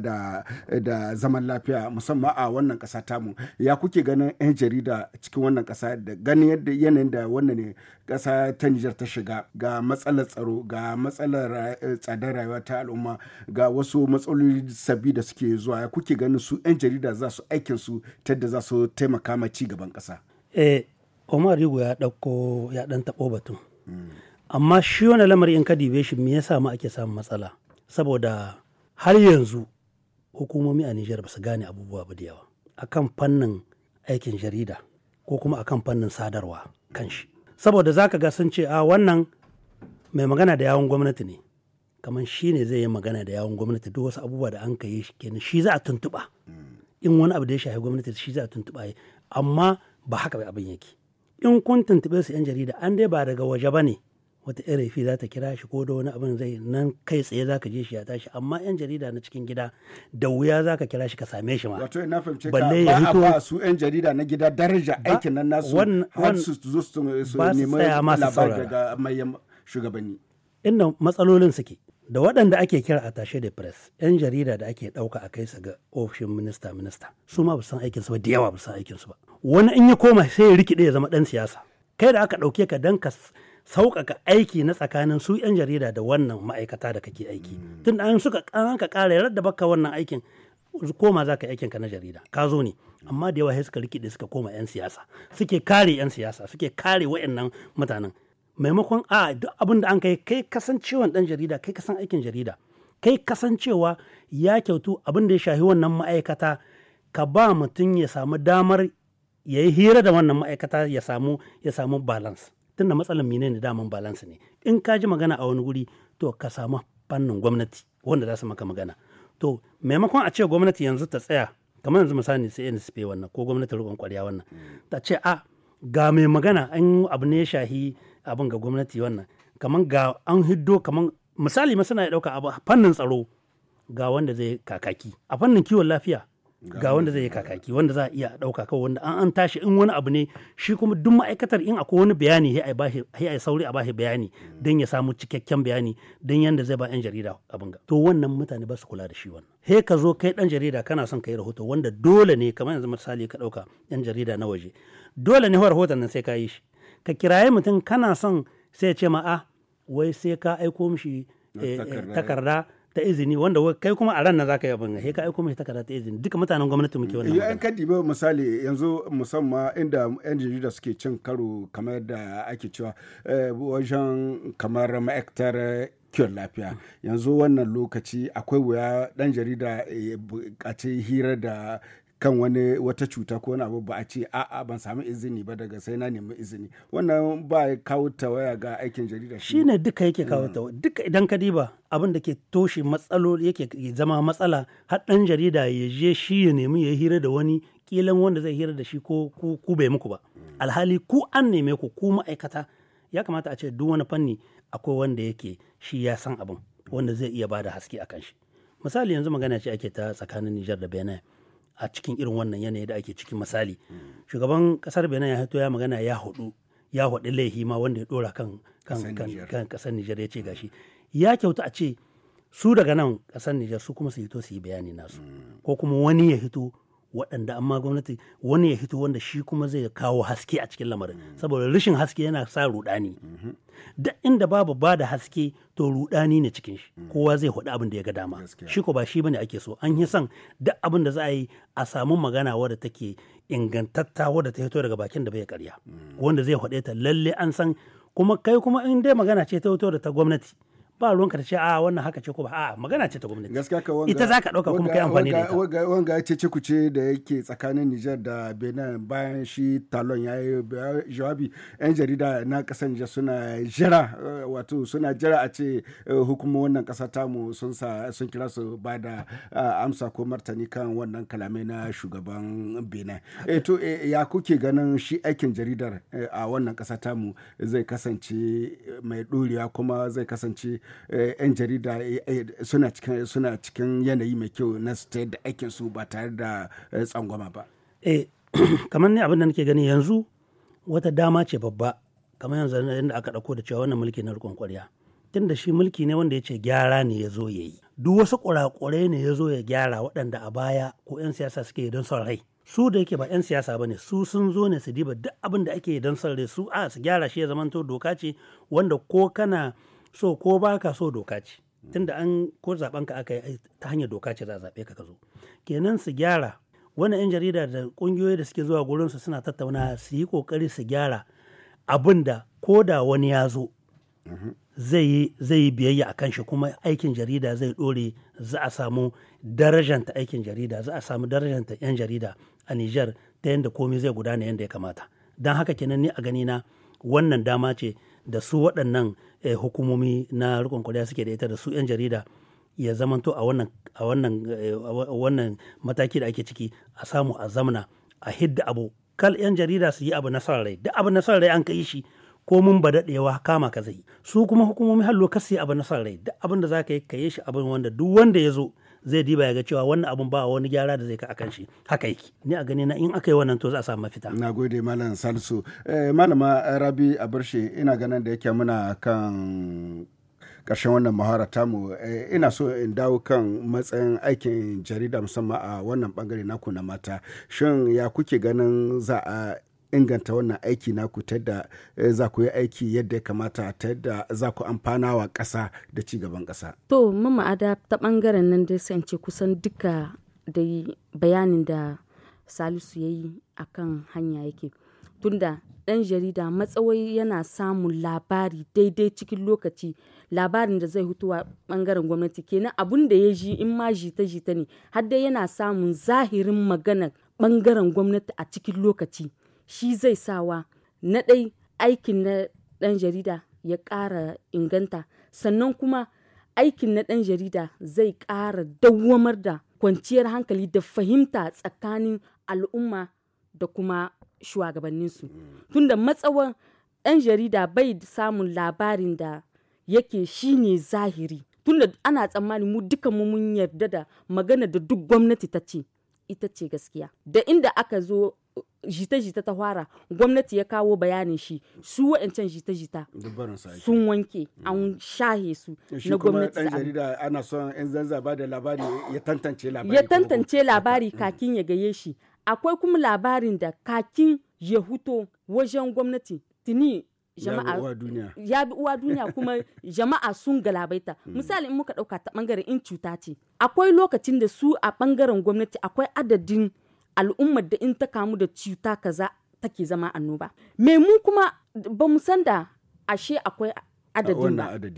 da, zaman lafiya musamman a wannan ƙasa tamu ya kuke ganin 'yan jarida cikin wannan ƙasa da ganin yadda yanayin da wannan ne ƙasa ta Nijar ta shiga ga matsalar tsaro ga matsalar eh, tsadar rayuwa ta al'umma ga wasu matsaloli sabbi da suke zuwa ya kuke ganin su 'yan jarida za su aikin su ta yadda za su taimaka ma ci gaban ƙasa. Eh, Omar Rigo ya ɗauko ya ɗan taɓo batun. Hmm. amma shi wani lamari in ka dibe shi me yasa ma ake samun matsala saboda har yanzu hukumomi a Nijar ba su gane abubuwa ba da yawa akan fannin aikin jarida ko kuma akan fannin sadarwa kan shi saboda zaka ga sun ce a wannan mai magana da yawon gwamnati ne kamar shi ne zai yi magana da yawon gwamnati duk wasu abubuwa da an kai shi kenan shi za a tuntuɓa in wani abu da ya shafi gwamnati shi za a tuntuɓa amma ba haka bai abin yake in kun tuntuɓe su 'yan jarida an dai ba daga waje ba ne wata rafi za ta kira shi ko da wani abin zai nan kai tsaye za ka je shi ya tashi amma yan jarida na cikin gida da wuya za ka kira shi ka same shi ma wato ina fahimce ka ba a ba su yan jarida na gida daraja aikin nan nasu har su zo su nemi labar daga mai shugabanni inda matsalolin suke da waɗanda ake kira a tashe da press yan jarida da ake ɗauka a kai su ga ofishin minista minista su ma ba san aikinsu ba da yawa ba san aikinsu ba wani in ya koma sai ya rikide ya zama ɗan siyasa kai da aka ɗauke ka dan ka sauƙaƙa aiki na tsakanin su 'yan jarida da wannan ma'aikata da kake aiki tun da an suka ka ƙara yarar da baka wannan aikin koma za ka aikin ka na jarida ka zo ne amma da yawa suka rikide suka koma 'yan siyasa suke kare 'yan siyasa suke kare wayannan mutanen maimakon a duk abin da an kai kai kasancewan dan jarida kai kasan aikin jarida kai kasancewa ya kyautu abin da ya shafi wannan ma'aikata ka ba mutum ya samu damar ya yi hira da wannan ma'aikata ya samu ya samu balance tunda matsalar mine daman balansa ne in ka ji magana a wani wuri to ka samu fannin gwamnati wanda za su maka magana to maimakon a ce gwamnati yanzu ta tsaya kamar yanzu misali sai NSP wannan ko gwamnati rikon kwarya wannan ta ce a ga mai magana an abu ne ya shahi abin ga gwamnati wannan kamar ga an hiddo kamar misali masana ya dauka abu fannin tsaro ga wanda zai kakaki a fannin kiwon lafiya ga wanda zai yi kakaki wanda za a iya ɗauka kawai wanda an an tashi in wani abu ne shi kuma duk ma'aikatar in akwai wani bayani sai a sauri a bashi bayani hmm. don ya samu cikakken bayani don yanda zai ba 'yan jarida abin ga to wannan mutane ba su kula da shi wannan he ka zo kai ɗan jarida kana son ka yi rahoto wanda dole ne kamar yanzu misali ka ɗauka 'yan jarida na waje dole ne rahoton nan sai ka yi shi ka kiraye mutum kana son sai ya ce ma ah, wai sai ka aiko mishi eh, eh, takarda ta izini wanda kai kuma a ran na zaka yi abin sai ka aiko mai takarda ta izini duka mutanen gwamnati muke wannan yan ba misali yanzu musamman inda yan jarida suke cin karo kamar da ake cewa eh, wajen kamar ma'aikatar kiwon lafiya yanzu wannan lokaci akwai wuya dan jarida ya buƙaci hira da kan wani wata cuta ko wani abu ba a ce a'a ban samu izini ba daga sai na nemi izini wannan ba kawo tawaya ga aikin jarida shi ne duka yake kawo eh. tawa duka idan ka diba abin da ke toshe matsaloli yake zama matsala har dan jarida ya je shi ya nemi ya hira da wani kilan wanda zai hira da shi ko ku bai muku ba mm. alhali ku an neme ku ku ma'aikata ya kamata a ce duk wani fanni akwai wanda yake shi ya san abin wanda zai iya bada haske akan shi misali yanzu magana ce ake ta tsakanin Nijar da Benin a cikin irin wannan yanayi da ake cikin misali shugaban kasar benin ya hito ya magana ya hudu ya hudu laihi ma wanda ya dora kan kan kasar nijar ya ce gashi ya kyauta a ce su daga nan kasar nijar su kuma su hito su yi bayani nasu mm. ko kuma wani ya hito waɗanda amma gwamnati wani ya hito wanda shi kuma zai kawo haske a cikin lamarin saboda rashin haske yana sa rudani duk inda babu ba da haske to rudani ne cikin shi kowa zai faɗi abin da ya ga dama shi ko ba shi bane ake so an yi san duk abin da za a yi a samu magana wadda take ingantatta wadda ta hito daga bakin da bai karya mm. wanda zai faɗe ta lalle an san kuma kai kuma in dai magana ce ta hito da ta gwamnati ba ruwan ta ce a wannan haka ce ko ba a magana ce ta gwamnati gaskiya ka wanga ita zaka dauka kuma kai amfani da ita wanga wanga ce ce kuce da yake tsakanin Niger da Benin bayan shi talon yayi jawabi yan jarida na kasar Niger suna jira eh, wato suna jira a ce eh, hukumomin wannan kasa tamu sun sa sun kira su ba da eh, amsa ko martani kan wannan kalame na shugaban Benin eh to ya kuke ganin shi aikin jaridar a wannan kasa tamu zai kasance mai dorewa kuma zai kasance 'yan jarida eh, eh, suna cikin yanayi mai kyau na su da aikin su ba tare da eh, tsangwama ba eh [clears throat] kamar ne abin da nake gani yanzu wata dama ce babba kamar yanzu yadda aka dauko da cewa wannan mulki na rikon kwarya tun shi mulki ne wanda ya ce gyara ne ya zo ya yi duk wasu kurakurai ne ya zo ya gyara waɗanda a baya ko 'yan siyasa suke don son rai su da yake ba 'yan siyasa ba ne su sun zo ne su diba duk abin da ake don son rai su a su gyara shi ya zamanto doka ce wanda ko kana so ko ba ka so doka ce tunda an ko zaben ka aka yi ta hanyar doka ce za a zaɓe ka ka zo kenan su gyara wani 'yan jarida da ƙungiyoyi da suke zuwa gurin su suna tattauna su yi ƙoƙari su gyara abin da ko da wani ya zo zai yi biyayya a kan shi kuma aikin jarida zai ɗore za a samu darajanta aikin jarida za a samu darajanta 'yan jarida a Nijar ta yanda komai zai gudana yanda ya kamata don haka kenan ni a ganina wannan dama ce da su waɗannan eh, hukumomi na rikon kwarya suke da ita da su 'yan jarida ya zamanto eh, a wannan mataki da ake ciki a samu a zamana a hidda abu kal 'yan jarida su yi abu na rai duk abu na rai an kai shi ko mun ba daɗewa kama ka zai su kuma hukumomi hallo ka su yi abu na rai duk abin da za ka yi ka yi shi abin wanda duk wanda ya zo zai diba ya ga cewa wannan abun ba wani gyara da zai ka akan shi haka yake ni a gani na in aka yi wannan to za a samu mafita na gode malam salisu eh, malama rabi a barshe ina ganin da yake muna kan karshen wannan mahara tamu eh, ina so in dawo kan matsayin aikin jarida musamman a wannan bangare naku na mata shin ya kuke ganin za a inganta wannan aiki naku ta da eh, za ku yi aiki yadda ya kamata ta yadda za ku amfana wa ƙasa da ci gaban ƙasa. To mama ada ta ɓangaren nan dai sai ce kusan duka da bayanin da Salisu ya yi a kan hanya yake. Tunda dan jarida matsawai yana samun labari daidai cikin lokaci labarin da zai hutuwa bangaren gwamnati kenan abun da ya ji in ma jita-jita ne har dai yana samun zahirin magana bangaren gwamnati a cikin lokaci shi zai sawa na ɗai aikin na ɗan jarida ya ƙara inganta sannan kuma aikin na ɗan jarida zai ƙara dawwamar da kwanciyar hankali da fahimta tsakanin al'umma da kuma shugabanninsu tunda matsawar ɗan jarida bai samun labarin da yake shine zahiri tunda ana tsammanin mu duka mu mun yarda da magana da duk gwamnati ta ce ita ce gaskiya da inda aka zo jita-jita ta fara gwamnati ya kawo bayanin shi su wa'ancan jita-jita sun wanke an shahe su na gwamnati dan jarida ana son yan zanzaba da labari ya tantance labari ya tantance labari mm. kakin ya gaye shi akwai kuma labarin da kakin ya huto wajen gwamnati tuni jama'a ya bi uwa duniya [laughs] kuma jama'a sun galabaita mm. misali in muka dauka ta bangaren in cuta ce akwai lokacin da su a bangaren gwamnati akwai adadin al'ummar da in ta kamu da cuta kaza take zama annoba. Me mu kuma ba mu san da ashe akwai adadin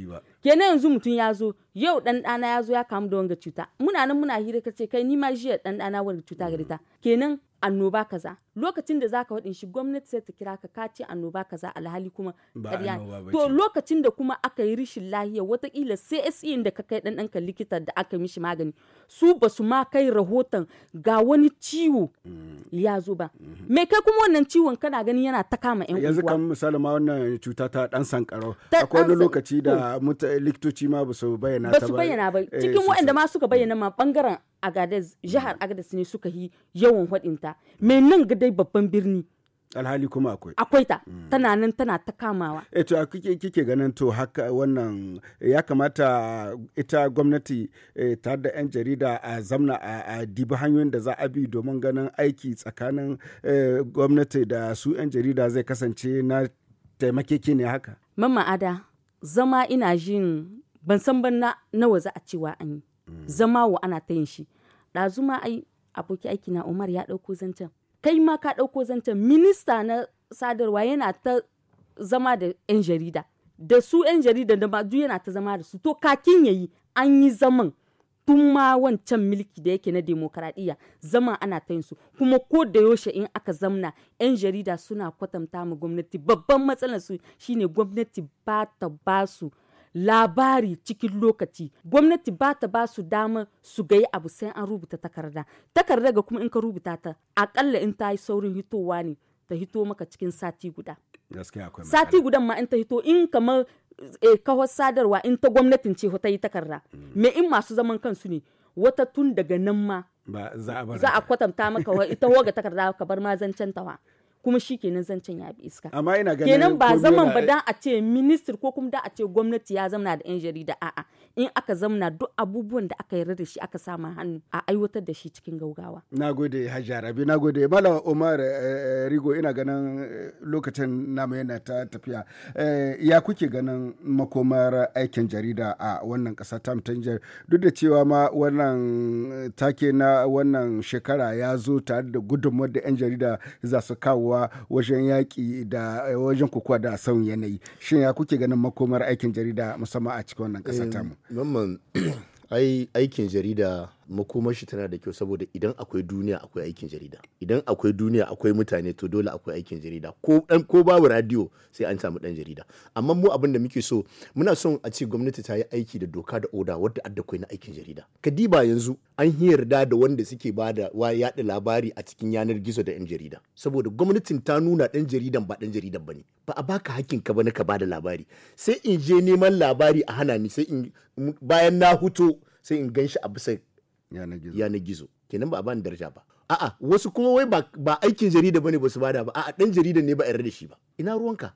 ba. kenan yanzu mutum ya zo yau dan dana ya zo ya kamu da wanga cuta muna nan muna hira ka ce kai ni ma jiya dan dana wanga cuta gare ta kenan annoba kaza lokacin da zaka wadin shi gwamnati sai ta kira ka ka ce annoba kaza alhali kuma ƙarya to lokacin da kuma aka yi rishin lahiya watakila CSE da ka kai dan ɗanka likita da aka mishi magani su ba su ma kai rahoton ga wani ciwo mm. ya zo ba mm-hmm. me kai kuma wannan ciwon kana gani yana ta kama yan uwa yanzu kan misali ma wannan cuta ta dan sankarau akwai wani lokaci da likitoci ma ba su bayyana ba. ba su bayyana ba eh, cikin waɗanda ma suka bayyana ma bangaren agadez jihar agadez ne suka yi yawan hudinta me nan ga dai babban birni alhali kuma akwai akwai ta hmm. tana nan tana ta kamawa e to kike ganin to haka wannan ya kamata ita gwamnati eh, ta da yan jarida a zamna a, dibi hanyoyin da za a bi domin ganin aiki tsakanin gwamnati da su yan jarida zai kasance na taimakeke ne haka mamma ada zama ina jin ban san ban na nawa za a cewa an yi zama wa ana ta yin shi ɗazuma ai aboki aiki na umar ya ɗauko zancen kai ma ka ɗauko zancen minista na sadarwa yana ta zama da 'yan jarida da su 'yan jarida da duk yana ta zama da su to kakin yayi an yi zaman tun ma wancan milki da yake na demokradiyya zama ana ta su kuma ko da yaushe in aka zamna 'yan jarida suna kwatanta mu gwamnati babban matsalar su shine gwamnati ba ta ba su labari cikin lokaci gwamnati ba ta ba su dama su gayi abu sai an rubuta takarda takarda ga kuma in ka rubuta ta akalla in ta yi saurin hitowa ne ta hito maka cikin sati guda sati gudan ma in ta hito in kamar e, kawar sadarwa in ta gwamnatin ce ta yi takarda mm. me in masu zaman kansu ne wata tun daga nan ma za a kwatanta maka ita waga takarda ka bar ma zancen tawa kuma shi kenan zancen ya bi iska amma ina ganin kenan ba zaman ba dan a ce minister ko kuma da a ce gwamnati ya zamna da yan jarida a'a in aka zamna duk abubuwan da aka yarda da shi aka sama hannu a aiwatar da shi cikin gaugawa nagode hajja rabi nagode malam umar eh, eh, rigo ina ganin eh, lokacin namu yana ta tafiya ya kuke ganin makomar aikin jarida a wannan kasa ta mutanjar duk da cewa ma wannan take na wannan shekara ya zo tare da gudunmuwar da yan jarida za su kawo taimakawa wajen yaƙi da eh, wajen kukuwa da sauyin yanayi shin ya kuke ganin makomar aikin jarida musamman a cikin wannan ƙasa eh, tamu. Mamman [clears throat] aikin jarida makomar shi tana da kyau saboda idan akwai duniya akwai aikin jarida idan akwai duniya akwai mutane to dole akwai aikin jarida ko dan ko babu radio sai an samu dan jarida amma mu abin da muke so muna son a ce gwamnati ta yi aiki da doka da oda wadda adda na aikin jarida kadiba yanzu an yarda da wanda suke ba da wa yada labari a cikin yanar gizo da yan jarida saboda gwamnatin ta nuna dan jaridan ba dan jaridan bane ba a baka hakkin ka bane ka bada labari sai in je neman labari a hana ni sai in bayan na huto sai in gan shi a bisa yanar gizo kenan ba a bani daraja ba a'a wasu kuma wai ba aikin jarida bane ba su bada ba a'a dan jarida ne ba yarda da shi ba ina ruwanka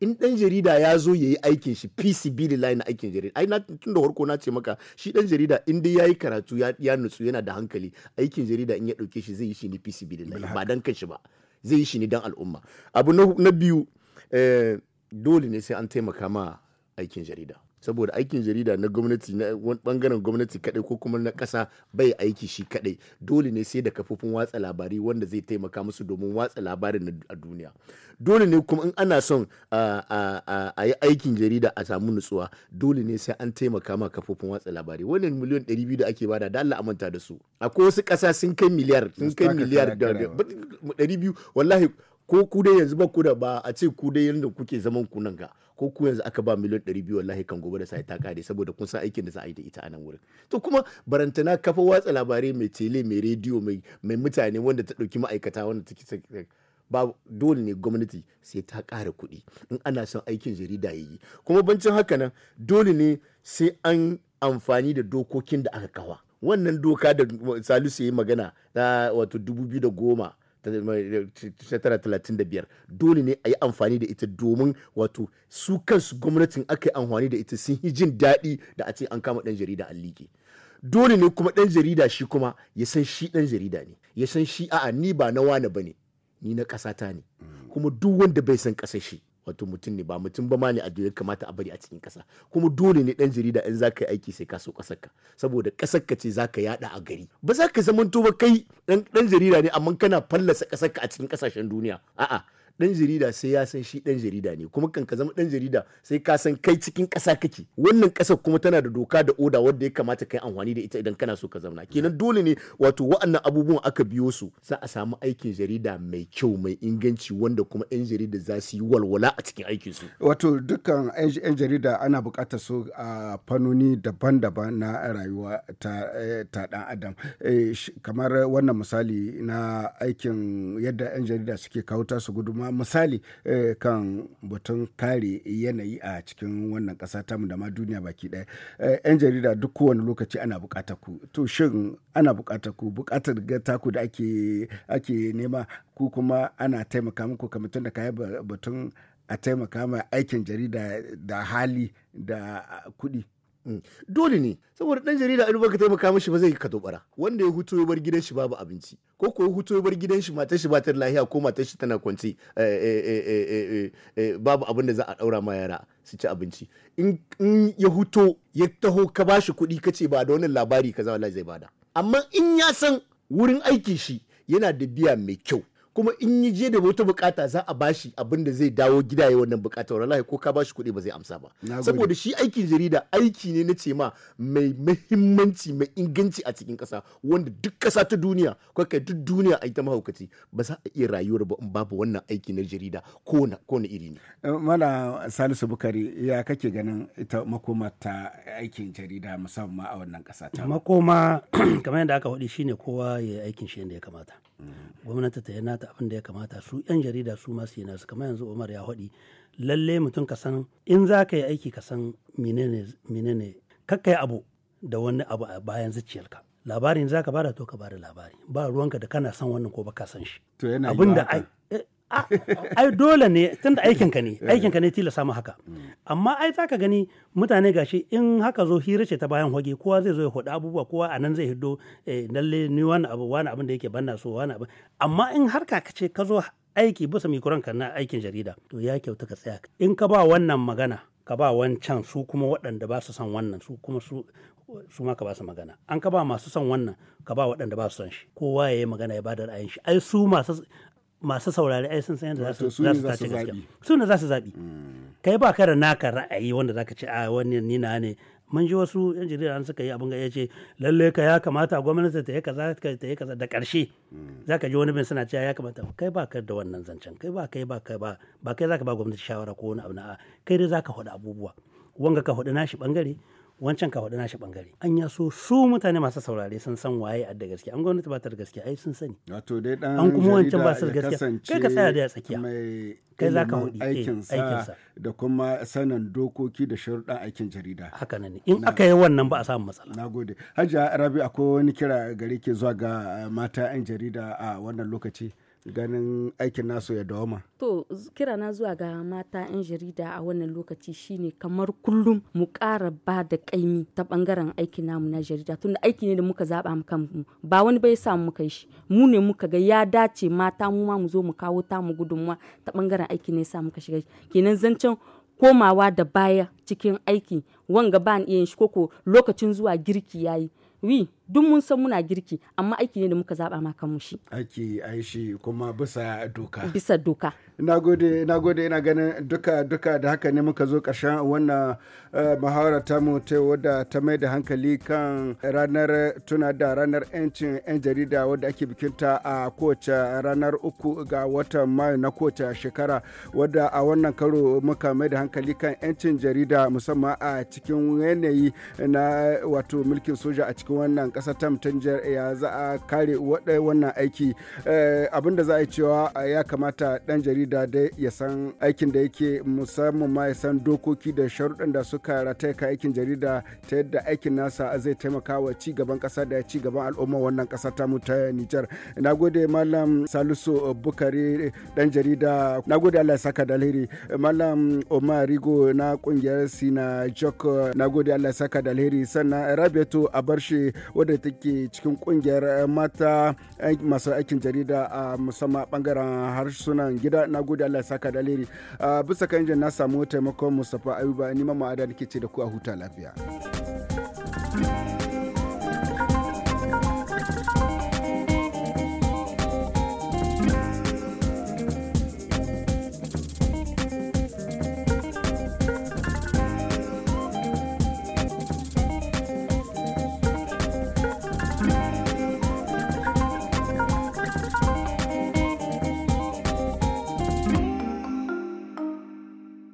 in dan jarida ya zo ya yi aikin shi PCB da line aikin jarida ai na tun da farko na ce maka shi dan jarida in dai yayi karatu ya, ya nutsu yana da hankali aikin jarida in ya dauke shi zai yi shi ne PCB da line ba dan kanshi ba zai yi shi ne dan al'umma abu na, biyu eh, dole ne sai an taimaka ma aikin jarida saboda aikin jarida na gwamnati na bangaren gwamnati kadai ko kuma na kasa bai aiki shi kadai dole ne sai da kafofin watsa labari wanda zai taimaka musu domin watsa labarin a duniya dole ne kuma in ana son a yi aikin jarida a samu nutsuwa dole ne sai an taimaka ma kafofin watsa labari wannan miliyan 200 da ake bada da Allah amanta da su akwai wasu kasa sun kai miliyar sun kai miliyar 200 wallahi ko ku dai yanzu ba ku da ba a ce ku dai yanda kuke zaman ku nan ga ko ku yanzu aka ba miliyan 200 wallahi kan gobe da sai ta kare saboda kun san aikin da za a yi da ita a nan wurin to kuma barantana kafa watsa labarai mai tele mai rediyo mai mai mutane wanda ta dauki ma'aikata wanda take ba dole ne gwamnati sai ta ƙara kuɗi in ana son aikin jarida ya yi kuma bancin haka nan dole ne sai an amfani da dokokin da aka kawa wannan doka da salisu ya yi magana na wato goma. 1935 eh, talatin da biyar dole ne a yi amfani da ita domin wato su kansu gwamnatin aka yi amfani da ita sun yi jin daɗi da a ce an kama ɗan jarida an liƙe dole ne kuma ɗan jarida shi kuma ya san shi ɗan jarida ne ya san shi a'a ni ba na wane ba ne ni na ƙasata ne mm. kuma duk wanda bai san ƙasa shi wato mutum ne ba mutum ba ma ne a ya kamata a bari a cikin kasa kuma dole ne dan jarida in za ka yi aiki sai ka so kasar ka saboda kasar ka ce za ka yada a gari ba za ka zamanto ba kai dan jarida ne amma kana fallasa kasar ka a cikin kasashen duniya a'a dan jarida sai ya san shi dan jarida ne kuma kan ka zama dan jarida sai ka san kai cikin ƙasa kake wannan ƙasar kuma tana da doka da oda wanda ya kamata kai amfani da ita idan kana so ka zauna kenan dole ne wato wa'annan abubuwan aka biyo su za a samu aikin jarida mai kyau mai inganci wanda kuma yan jarida za su yi walwala a cikin aikin su wato dukkan yan jarida ana buƙatar su a fannoni daban-daban na rayuwa ta eh, ta dan adam eh, kamar wannan misali na aikin yadda yan jarida suke kawo tasu guduma ma misali eh, kan batun kare yanayi a cikin wannan ƙasa tamu da ma duniya baki ɗaya. 'Yan eh, jarida duk kowane lokaci ana buƙatar ku. To shin ana buƙatar ku buƙatar ga taku da ake nema ku kuma ana taimaka muku kamar tun da kayi batun a taimaka ma aikin jarida da hali da kuɗi. Mm. dole ne saboda dan jarida in baka taimaka mishi ba zai ka dobara wanda ya hutu ya bar gidan shi babu abinci ko ko hutu bar gidan shi matar shi ba ta lahiya ko matar shi tana kwanci eh, eh, eh, babu abin da za a daura ma yara su ci abinci in ya huto ya taho ka ba shi kuɗi ka ce ba da wannan labari kaza wallahi zai bada amma in ya san wurin aiki shi yana da biya mai kyau kuma in yi je da wata bukata za a bashi abin da zai dawo gida ya wannan bukata wallahi ko ka bashi kuɗi ba zai amsa ba saboda shi aikin jarida aiki ne na ce ma mai muhimmanci mai inganci a cikin ƙasa wanda duk ƙasa ta duniya ko kai duk duniya a ita mahaukaci ba za a iya rayuwar ba in babu wannan aiki na jarida ko na ko na iri ne eh, mala salisu bukari ya kake ganin ita makoma ta aikin jarida musamman a wannan ƙasa ta makoma [clears throat] kamar yadda aka faɗi shine kowa ya aikin shi yadda ya kamata mm. gwamnati ta yana kamata abin da ya kamata su 'yan jarida su masu yana su kamar yanzu umar ya haɗi lalle mutum ka san in za ka yi aiki ka san menene kakka yi abu da wani abu a bayan zuciyarka labarin za ka bada to ka bada labari ba ruwanka da kana san wannan ko baka san shi to abin da ai ai dole ne tunda aikinka ne aikinka ne tilasa mu haka amma ai ka gani mutane gashi in haka zo hira ce ta bayan hoge kowa zai zo ya hoda abubuwa kowa a nan zai hiddo eh, lalle ni wani abu wani abin da yake banna so wani abu amma in harka ka ce ka zo aiki bisa mikuran ka na aikin jarida to ya kyauta ka tsaya in ka ba wannan magana ka ba wancan su kuma waɗanda ba su son wannan su kuma su su ma ka ba su magana an ka ba masu son wannan ka ba waɗanda ba su son shi kowa ya yi magana ya ba da ra'ayin shi ai su masu masu saurari ai sun san yadda za su tace gaskiya su ne za su zaɓi hmm. kai ba da naka ra'ayi wanda zaka ce a ah, wannan nina ne mun ji wasu yan jarida an suka yi abin ga ya ce lalle ka ya kamata gwamnati ta yi kaza ta yi kaza da karshe hmm. zaka ji wani bin suna cewa ya kamata kai ba ka da wannan zancen kai ba kai ba kai ba ba kai zaka ba gwamnati shawara ko wani abu na kai dai zaka faɗi abubuwa wanga ka faɗi nashi bangare wancan ka faɗi nashi bangare an ya so su mutane masu saurare sun san waye a da gaske an gwamnati ba ta da gaske ai sun sani wato ah, dai dan an kuma wancan ba su da gaske kai ka tsaya da ya tsakiya kai za ka eh, aikin aikinsa da kuma sanin dokoki da sharuɗan aikin jarida haka ne in aka yi wannan ba a samu matsala nagode hajiya rabi akwai wani kira gare ke zuwa ga ah, mata 'yan jarida a wannan lokaci ganin aikin nasu ya dawama. To kira na zuwa ga mata 'yan jarida a wannan lokaci shine kamar kullum mu ƙara ba da ƙaimi ta ɓangaren aikin namu na jarida tunda aiki ne da muka zaɓa mu kanmu ba wani bai samu muka yi shi mu ne muka ga ya dace mata mu ma mu zo mu kawo ta mu gudunmuwa ta ɓangaren aiki ne sa muka shiga kenan zancen komawa da baya cikin aiki wanga ba iya yin shi koko lokacin zuwa girki yayi wi duk mun san muna girki amma aiki ne da muka zaba ma kanmu shi aiki ai shi kuma bisa doka bisa doka nagode nagode ina ganin duka duka da haka ne muka zo karshen wannan eh, muhawara ta mu ta wadda ta mai da hankali kan ranar tuna da ranar yancin yan jarida wadda ake bikinta a kowace ranar uku ga watan mayu na kowace shekara wadda a wannan karo muka mai da hankali kan yancin jarida musamman a cikin yanayi na wato mulkin soja a cikin wannan kasa ta mutanjiyar ya za a kare wannan aiki eh, abin da za a cewa ya kamata dan jarida dai ya san aikin da yake musamman ma ya san dokoki da sharuɗan da suka rataya ka aikin jarida ta yadda aikin nasa zai taimaka wa ci gaban kasa da ci gaban al'umma wannan kasa ta mu ta Nijar. Na gode Malam Salisu Bukari dan jarida. Na gode Allah ya saka da alheri. Malam Omar Rigo na kungiyar Sina Jok. Na gode Allah ya saka da alheri. Sannan Rabiatu barshe wadda take cikin kungiyar eh, mata masu aikin jarida a musamman bangaren harsunan gida na gode Allah ya saka da alheri bisa kan na samu taimakon Mustapha Ayuba ni ma ma'ada nake ce da ku a huta lafiya.